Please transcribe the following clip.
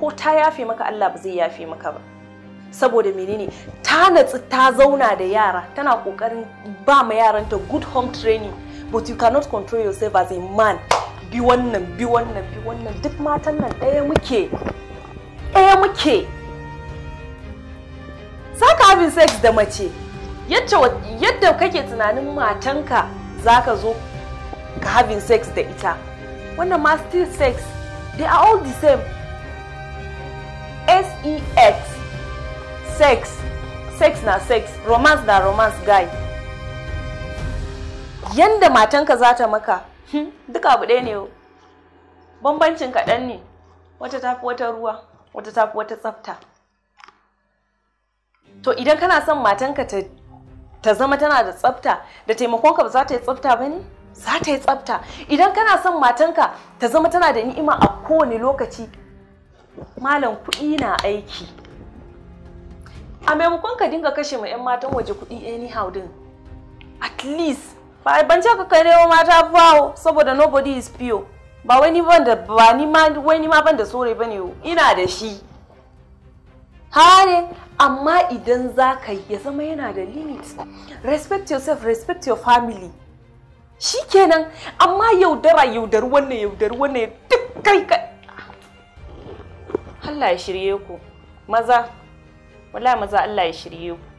ko ta yafe maka Allah ba zai yafe maka ba saboda menene ta natsu ta zauna da yara tana kokarin ba ma yaranta good home training but you cannot control yourself as a man bi wannan bi wannan bi wannan duk matan nan ɗaya muke ɗaya muke saka abin sex da mace yadda kake tunanin matanka zaka zo ka having sex da ita wannan ma still sex they are all the same sex sex sex na sex romance na romance guy yanda matanka za ta maka hmm, duk abu ɗaya ne bambancin kaɗan ne wata tafi wata ruwa wata tafi wata tsafta to idan kana son matanka ta ta zama tana da tsafta da taimakonka ba za ta yi tsafta ba ne za ta yi tsafta idan kana son matanka ta zama tana da ni'ima a kowane lokaci malam kuɗi na aiki a maimakon ka dinga kashe ma 'yan matan waje kuɗi anyhow din at least ba ban ce ka kai mata bawo saboda nobody is pure ba wai ni ban da ba ni ma wai ma ban da sore bane ina da shi hare amma idan za ka ya zama yana da limit respect yourself respect your family shikenan amma yaudara yaudar wannan yaudar wannan duk kai kai Allah ya shirye ku maza wallahi maza Allah ya shirye ku